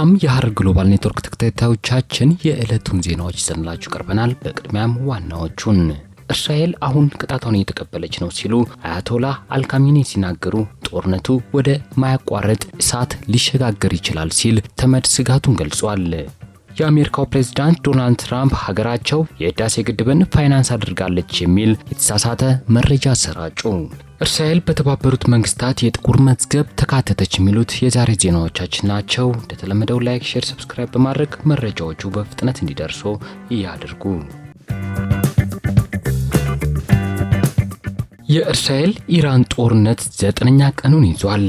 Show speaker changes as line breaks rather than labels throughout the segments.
ሰላም የሐረር ግሎባል ኔትወርክ ተከታታዮቻችን የዕለቱን ዜናዎች ይዘንላችሁ ቀርበናል። በቅድሚያም ዋናዎቹን እስራኤል አሁን ቅጣቷን እየተቀበለች ነው ሲሉ አያቶላ አልካሚኒ ሲናገሩ፣ ጦርነቱ ወደ ማያቋረጥ እሳት ሊሸጋገር ይችላል ሲል ተመድ ስጋቱን ገልጿል። የአሜሪካው ፕሬዝዳንት ዶናልድ ትራምፕ ሀገራቸው የህዳሴ ግድብን ፋይናንስ አድርጋለች የሚል የተሳሳተ መረጃ አሰራጩ። እስራኤል በተባበሩት መንግስታት የጥቁር መዝገብ ተካተተች የሚሉት የዛሬ ዜናዎቻችን ናቸው። እንደተለመደው ላይክ፣ ሼር፣ ሰብስክራይብ በማድረግ መረጃዎቹ በፍጥነት እንዲደርሱ እያድርጉ። የእስራኤል ኢራን ጦርነት ዘጠነኛ ቀኑን ይዟል።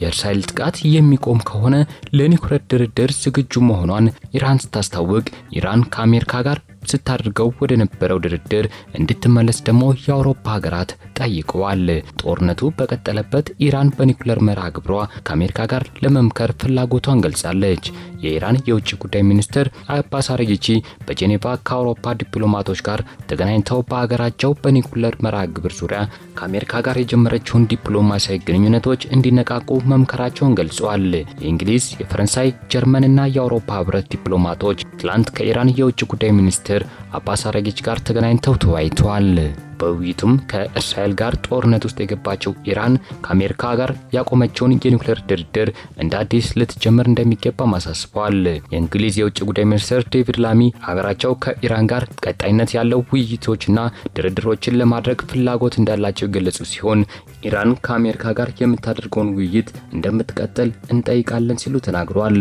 የእስራኤል ጥቃት የሚቆም ከሆነ ለኒውክሌር ድርድር ዝግጁ መሆኗን ኢራን ስታስታውቅ ኢራን ከአሜሪካ ጋር ስታደርገው ወደ ነበረው ድርድር እንድትመለስ ደግሞ የአውሮፓ ሀገራት ጠይቀዋል። ጦርነቱ በቀጠለበት ኢራን በኒኩለር መርሃ ግብሯ ከአሜሪካ ጋር ለመምከር ፍላጎቷን ገልጻለች። የኢራን የውጭ ጉዳይ ሚኒስትር አባስ አረጊቺ በጄኔቫ ከአውሮፓ ዲፕሎማቶች ጋር ተገናኝተው በሀገራቸው በኒኩለር መርሃ ግብር ዙሪያ ከአሜሪካ ጋር የጀመረችውን ዲፕሎማሲያዊ ግንኙነቶች እንዲነቃቁ መምከራቸውን ገልጸዋል። የእንግሊዝ፣ የፈረንሳይ፣ ጀርመንና የአውሮፓ ህብረት ዲፕሎማቶች ትላንት ከኢራን የውጭ ጉዳይ ሚኒስትር አባስ አራግቺ ጋር ተገናኝተው ተወያይተዋል። በውይይቱም ከእስራኤል ጋር ጦርነት ውስጥ የገባቸው ኢራን ከአሜሪካ ጋር ያቆመችውን የኒውክሌር ድርድር እንደ አዲስ ልትጀምር እንደሚገባ አሳስበዋል። የእንግሊዝ የውጭ ጉዳይ ሚኒስትር ዴቪድ ላሚ ሀገራቸው ከኢራን ጋር ቀጣይነት ያለው ውይይቶችና ድርድሮችን ለማድረግ ፍላጎት እንዳላቸው የገለጹ ሲሆን ኢራን ከአሜሪካ ጋር የምታደርገውን ውይይት እንደምትቀጥል እንጠይቃለን ሲሉ ተናግረዋል።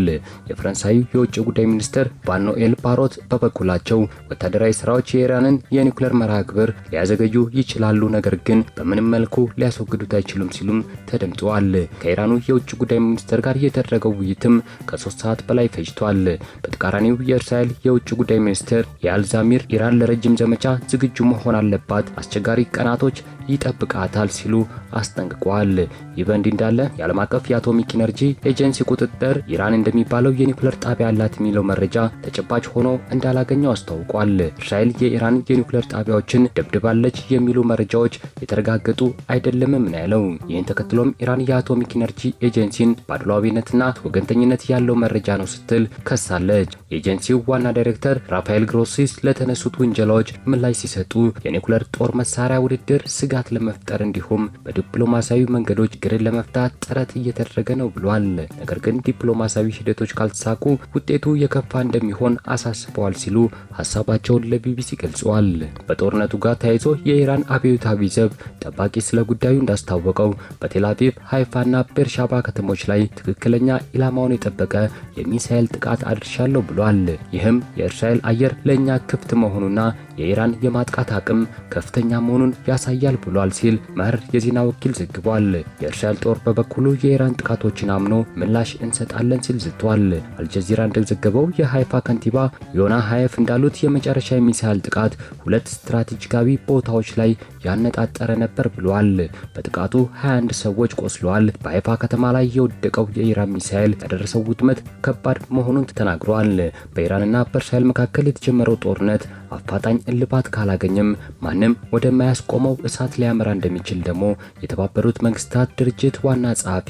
የፈረንሳዩ የውጭ ጉዳይ ሚኒስትር ባኖኤል ፓሮት በበኩላቸው ወታደራዊ ስራዎች የኢራንን የኒውክሌር መርሃ ግብር ሊያዘግ ሊገዩ ይችላሉ፣ ነገር ግን በምንም መልኩ ሊያስወግዱት አይችሉም ሲሉም ተደምጠዋል። ከኢራኑ የውጭ ጉዳይ ሚኒስትር ጋር የተደረገው ውይይትም ከሶስት ሰዓት በላይ ፈጅቷል። በተቃራኒው የእስራኤል የውጭ ጉዳይ ሚኒስትር የአልዛሚር ኢራን ለረጅም ዘመቻ ዝግጁ መሆን አለባት፣ አስቸጋሪ ቀናቶች ይጠብቃታል ሲሉ አስጠንቅቋል። ይህ በእንዲህ እንዳለ የዓለም አቀፍ የአቶሚክ ኢነርጂ ኤጀንሲ ቁጥጥር ኢራን እንደሚባለው የኒውክሌር ጣቢያ አላት የሚለው መረጃ ተጨባጭ ሆኖ እንዳላገኘው አስታውቋል። እስራኤል የኢራን የኒውክሌር ጣቢያዎችን ደብድባለች የሚሉ መረጃዎች የተረጋገጡ አይደለምም ነው ያለው። ይህን ተከትሎም ኢራን የአቶሚክ ኢነርጂ ኤጀንሲን በአድሏዊነትና ወገንተኝነት ያለው መረጃ ነው ስትል ከሳለች። የኤጀንሲው ዋና ዳይሬክተር ራፋኤል ግሮሲስ ለተነሱት ውንጀላዎች ምላሽ ሲሰጡ የኒውክሌር ጦር መሳሪያ ውድድር ስጋ ስጋት ለመፍጠር እንዲሁም በዲፕሎማሲያዊ መንገዶች ችግርን ለመፍታት ጥረት እየተደረገ ነው ብሏል። ነገር ግን ዲፕሎማሲያዊ ሂደቶች ካልተሳኩ ውጤቱ የከፋ እንደሚሆን አሳስበዋል ሲሉ ሀሳባቸውን ለቢቢሲ ገልጸዋል። በጦርነቱ ጋር ተያይዞ የኢራን አብዮታዊ ዘብ ጠባቂ ስለ ጉዳዩ እንዳስታወቀው በቴላቪቭ ሃይፋና ቤርሻባ ከተሞች ላይ ትክክለኛ ኢላማውን የጠበቀ የሚሳኤል ጥቃት አድርሻለሁ ብሏል። ይህም የእስራኤል አየር ለእኛ ክፍት መሆኑና የኢራን የማጥቃት አቅም ከፍተኛ መሆኑን ያሳያል ብሏል ሲል መር የዜና ወኪል ዘግቧል። የእስራኤል ጦር በበኩሉ የኢራን ጥቃቶችን አምኖ ምላሽ እንሰጣለን ሲል ዝቷል። አልጀዚራ እንደዘገበው የሃይፋ ከንቲባ ዮና ሃየፍ እንዳሉት የመጨረሻ የሚሳይል ጥቃት ሁለት ስትራቴጂካዊ ቦታዎች ላይ ያነጣጠረ ነበር ብሏል። በጥቃቱ 21 ሰዎች ቆስለዋል። በአይፋ ከተማ ላይ የወደቀው የኢራን ሚሳኤል ያደረሰው ውድመት ከባድ መሆኑን ተናግሯል። በኢራንና በእስራኤል መካከል የተጀመረው ጦርነት አፋጣኝ እልባት ካላገኘም ማንም ወደማያስቆመው እሳት ሊያመራ እንደሚችል ደግሞ የተባበሩት መንግስታት ድርጅት ዋና ጸሐፊ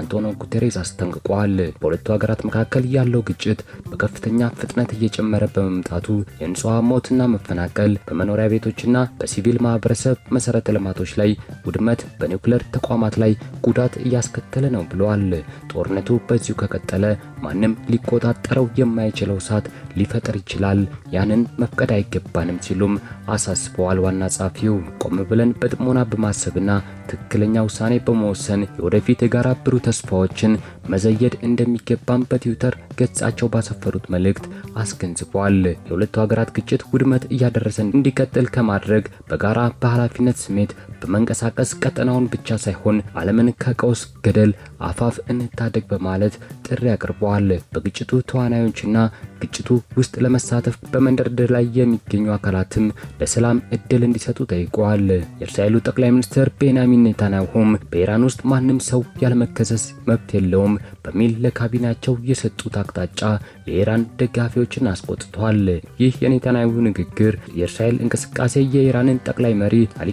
አንቶኖ ጉቴሬስ አስጠንቅቋል። በሁለቱ ሀገራት መካከል ያለው ግጭት በከፍተኛ ፍጥነት እየጨመረ በመምጣቱ የንጹሐን ሞትና መፈናቀል በመኖሪያ ቤቶችና በሲቪል ማህበረሰብ መሰረተ ልማቶች ላይ ውድመት፣ በኒውክሌር ተቋማት ላይ ጉዳት እያስከተለ ነው ብለዋል። ጦርነቱ በዚሁ ከቀጠለ ማንም ሊቆጣጠረው የማይችለው እሳት ሊፈጠር ይችላል። ያንን መፍቀድ አይገባንም ሲሉም አሳስበዋል። ዋና ጸሐፊው ቆም ብለን በጥሞና በማሰብና ትክክለኛ ውሳኔ በመወሰን የወደፊት የጋራ ብሩህ ተስፋዎችን መዘየድ እንደሚገባም በትዊተር ገጻቸው ባሰፈሩት መልእክት አስገንዝበዋል። የሁለቱ ሀገራት ግጭት ውድመት እያደረሰን እንዲቀጥል ከማድረግ በጋራ ባህላ የኃላፊነት ስሜት በመንቀሳቀስ ቀጠናውን ብቻ ሳይሆን ዓለምን ከቀውስ ገደል አፋፍ እንታደግ በማለት ጥሪ አቅርበዋል። በግጭቱ ተዋናዮችና በግጭቱ ውስጥ ለመሳተፍ በመንደርደር ላይ የሚገኙ አካላትም ለሰላም እድል እንዲሰጡ ጠይቀዋል። የእስራኤሉ ጠቅላይ ሚኒስትር ቤንያሚን ኔታንያሁም በኢራን ውስጥ ማንም ሰው ያለመከሰስ መብት የለውም በሚል ለካቢናቸው የሰጡት አቅጣጫ የኢራን ደጋፊዎችን አስቆጥቷል። ይህ የኔታንያሁ ንግግር የእስራኤል እንቅስቃሴ የኢራንን ጠቅላይ መሪ አሊ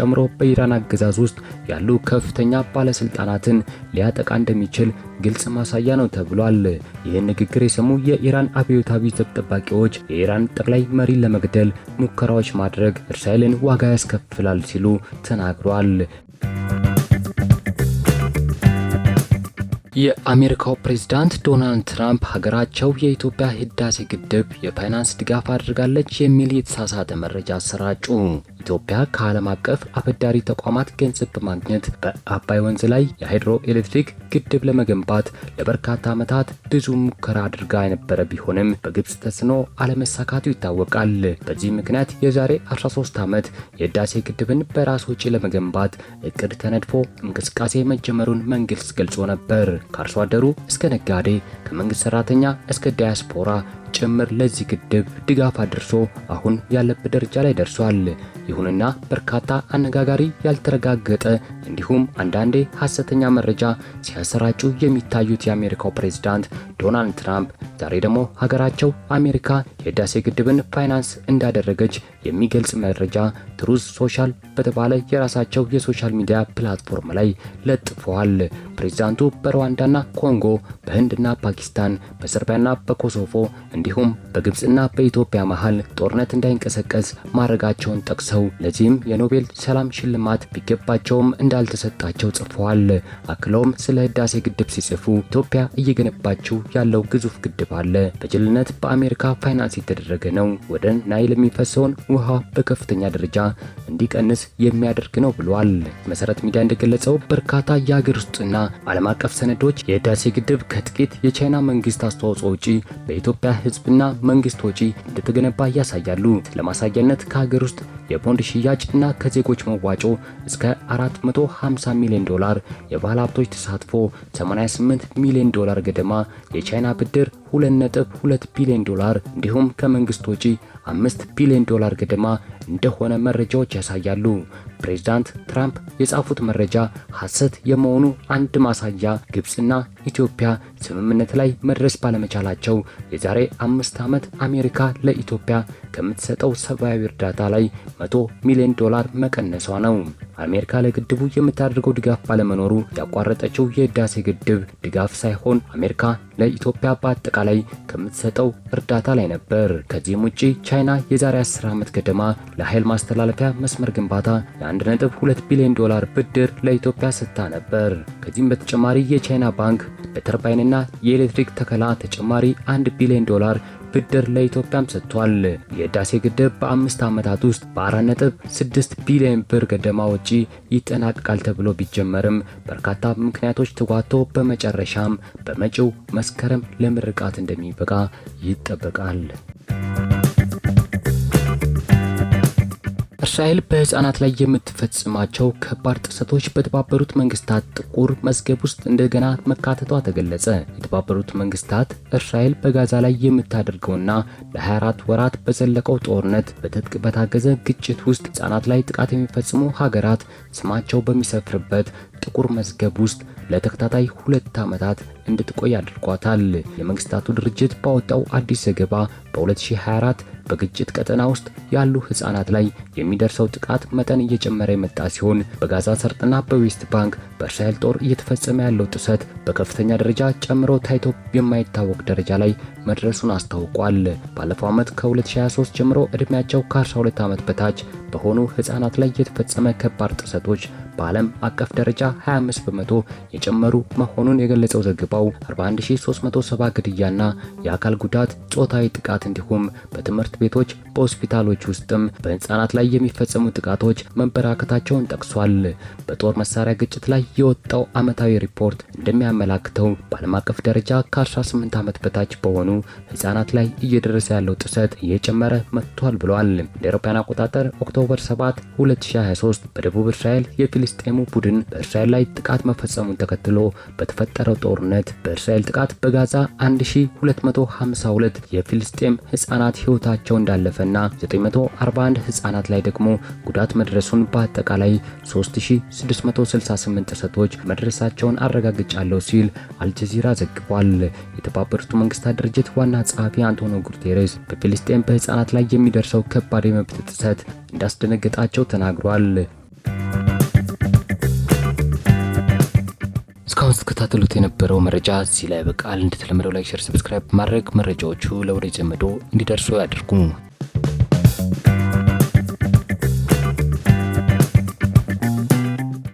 ጨምሮ በኢራን አገዛዝ ውስጥ ያሉ ከፍተኛ ባለስልጣናትን ሊያጠቃ እንደሚችል ግልጽ ማሳያ ነው ተብሏል። ይህን ንግግር የሰሙ የኢራን አብዮታዊ ዘብ ጠባቂዎች የኢራን ጠቅላይ መሪን ለመግደል ሙከራዎች ማድረግ እስራኤልን ዋጋ ያስከፍላል ሲሉ ተናግሯል። የአሜሪካው ፕሬዝዳንት ዶናልድ ትራምፕ ሀገራቸው የኢትዮጵያ ህዳሴ ግድብ የፋይናንስ ድጋፍ አድርጋለች የሚል የተሳሳተ መረጃ አሰራጩ። ኢትዮጵያ ከዓለም አቀፍ አበዳሪ ተቋማት ገንዘብ በማግኘት በአባይ ወንዝ ላይ የሃይድሮ ኤሌክትሪክ ግድብ ለመገንባት ለበርካታ ዓመታት ብዙ ሙከራ አድርጋ የነበረ ቢሆንም በግብፅ ተጽዕኖ አለመሳካቱ ይታወቃል። በዚህ ምክንያት የዛሬ 13 ዓመት የህዳሴ ግድብን በራስ ወጪ ለመገንባት እቅድ ተነድፎ እንቅስቃሴ መጀመሩን መንግስት ገልጾ ነበር። ከአርሶ አደሩ እስከ ነጋዴ፣ ከመንግስት ሰራተኛ እስከ ዳያስፖራ ጭምር ለዚህ ግድብ ድጋፍ አድርሶ አሁን ያለበት ደረጃ ላይ ደርሷል። ይሁንና በርካታ አነጋጋሪ ያልተረጋገጠ እንዲሁም አንዳንዴ ሐሰተኛ መረጃ ሲያሰራጩ የሚታዩት የአሜሪካው ፕሬዝዳንት ዶናልድ ትራምፕ ዛሬ ደግሞ ሀገራቸው አሜሪካ የህዳሴ ግድብን ፋይናንስ እንዳደረገች የሚገልጽ መረጃ ትሩዝ ሶሻል በተባለ የራሳቸው የሶሻል ሚዲያ ፕላትፎርም ላይ ለጥፈዋል። ፕሬዚዳንቱ በሩዋንዳና ኮንጎ፣ በህንድና ፓኪስታን፣ በሰርቢያና በኮሶቮ እንዲሁም በግብፅና በኢትዮጵያ መሃል ጦርነት እንዳይንቀሰቀስ ማድረጋቸውን ጠቅሰው ለዚህም የኖቤል ሰላም ሽልማት ቢገባቸውም እንዳልተሰጣቸው ጽፈዋል። አክለውም ስለ ህዳሴ ግድብ ሲጽፉ ኢትዮጵያ እየገነባችው ያለው ግዙፍ ግድብ አለ፣ በጅልነት በአሜሪካ ፋይናንስ የተደረገ ነው። ወደ ናይል የሚፈሰውን ውሃ በከፍተኛ ደረጃ እንዲቀንስ የሚያደርግ ነው ብሏል። መሰረት ሚዲያ እንደገለጸው በርካታ የአገር ውስጥና ዓለም አቀፍ ሰነዶች የህዳሴ ግድብ ከጥቂት የቻይና መንግስት አስተዋጽኦ ውጪ በኢትዮጵያ ህዝብና መንግስት ወጪ እንደተገነባ ያሳያሉ። ለማሳያነት ከሀገር ውስጥ የቦንድ ሽያጭ እና ከዜጎች መዋጮ እስከ 450 ሚሊዮን ዶላር፣ የባለ ሀብቶች ተሳትፎ 88 ሚሊዮን ዶላር ገደማ፣ የቻይና ብድር 2.2 ቢሊዮን ዶላር እንዲሁም ከመንግስት ወጪ 5 ቢሊዮን ዶላር ገደማ እንደሆነ መረጃዎች ያሳያሉ። ፕሬዝዳንት ትራምፕ የጻፉት መረጃ ሐሰት የመሆኑ አንድ ማሳያ ግብፅና ኢትዮጵያ ስምምነት ላይ መድረስ ባለመቻላቸው የዛሬ አምስት ዓመት አሜሪካ ለኢትዮጵያ ከምትሰጠው ሰብአዊ እርዳታ ላይ መቶ ሚሊዮን ዶላር መቀነሷ ነው። አሜሪካ ለግድቡ የምታደርገው ድጋፍ ባለመኖሩ ያቋረጠችው የህዳሴ ግድብ ድጋፍ ሳይሆን አሜሪካ ለኢትዮጵያ በአጠቃላይ ከምትሰጠው እርዳታ ላይ ነበር። ከዚህም ውጪ ቻይና የዛሬ 10 ዓመት ገደማ ለኃይል ማስተላለፊያ መስመር ግንባታ የ1.2 ቢሊዮን ዶላር ብድር ለኢትዮጵያ ስታ ነበር። ከዚህም በተጨማሪ የቻይና ባንክ በተርባይንና የኤሌክትሪክ ተከላ ተጨማሪ 1 ቢሊዮን ዶላር ብድር ለኢትዮጵያም ሰጥቷል። የህዳሴ ግድብ በአምስት ዓመታት ውስጥ በአራት ነጥብ ስድስት ቢሊዮን ብር ገደማ ወጪ ይጠናቀቃል ተብሎ ቢጀመርም በርካታ ምክንያቶች ተጓቶ በመጨረሻም በመጪው መስከረም ለምርቃት እንደሚበቃ ይጠበቃል። እስራኤል በህፃናት ላይ የምትፈጽማቸው ከባድ ጥሰቶች በተባበሩት መንግስታት ጥቁር መዝገብ ውስጥ እንደገና መካተቷ ተገለጸ። የተባበሩት መንግስታት እስራኤል በጋዛ ላይ የምታደርገውና ለ24 ወራት በዘለቀው ጦርነት በትጥቅ በታገዘ ግጭት ውስጥ ህፃናት ላይ ጥቃት የሚፈጽሙ ሀገራት ስማቸው በሚሰፍርበት ጥቁር መዝገብ ውስጥ ለተከታታይ ሁለት ዓመታት እንድትቆይ አድርጓታል። የመንግስታቱ ድርጅት ባወጣው አዲስ ዘገባ በ2024 በግጭት ቀጠና ውስጥ ያሉ ህጻናት ላይ የሚደርሰው ጥቃት መጠን እየጨመረ የመጣ ሲሆን በጋዛ ሰርጥና በዌስት ባንክ በእስራኤል ጦር እየተፈጸመ ያለው ጥሰት በከፍተኛ ደረጃ ጨምሮ ታይቶ የማይታወቅ ደረጃ ላይ መድረሱን አስታውቋል። ባለፈው ዓመት ከ2023 ጀምሮ ዕድሜያቸው ከ12 ዓመት በታች በሆኑ ህጻናት ላይ የተፈጸመ ከባድ ጥሰቶች በዓለም አቀፍ ደረጃ 25 በመቶ የጨመሩ መሆኑን የገለጸው ዘግባው የተፈጸመው 41370 ግድያና የአካል ጉዳት፣ ጾታዊ ጥቃት እንዲሁም በትምህርት ቤቶች በሆስፒታሎች ውስጥም በህፃናት ላይ የሚፈጸሙ ጥቃቶች መበራከታቸውን ጠቅሷል። በጦር መሳሪያ ግጭት ላይ የወጣው ዓመታዊ ሪፖርት እንደሚያመላክተው በዓለም አቀፍ ደረጃ ከ18 ዓመት በታች በሆኑ ህፃናት ላይ እየደረሰ ያለው ጥሰት እየጨመረ መጥቷል ብሏል። እንደ አውሮፓውያን አቆጣጠር ኦክቶበር 7 2023 በደቡብ እስራኤል የፊልስጤሙ ቡድን በእስራኤል ላይ ጥቃት መፈጸሙን ተከትሎ በተፈጠረው ጦርነት በእስራኤል ጥቃት በጋዛ 1252 የፊልስጤም ህፃናት ህይወታቸው እንዳለፈና 941 ሕፃናት ላይ ደግሞ ጉዳት መድረሱን በአጠቃላይ 3668 ጥሰቶች መድረሳቸውን አረጋግጫለሁ ሲል አልጀዚራ ዘግቧል። የተባበሩት መንግስታት ድርጅት ዋና ጸሐፊ አንቶኒዮ ጉቴሬስ በፊልስጤም በህፃናት ላይ የሚደርሰው ከባድ የመብት ጥሰት እንዳስደነገጣቸው ተናግሯል። እስካሁን ስትከታተሉት የነበረው መረጃ እዚህ ላይ በቃል። እንደተለመደው ላይክ፣ ሸር፣ ሰብስክራይብ ማድረግ መረጃዎቹ ለወደ ዘመዶ እንዲደርሱ ያድርጉ።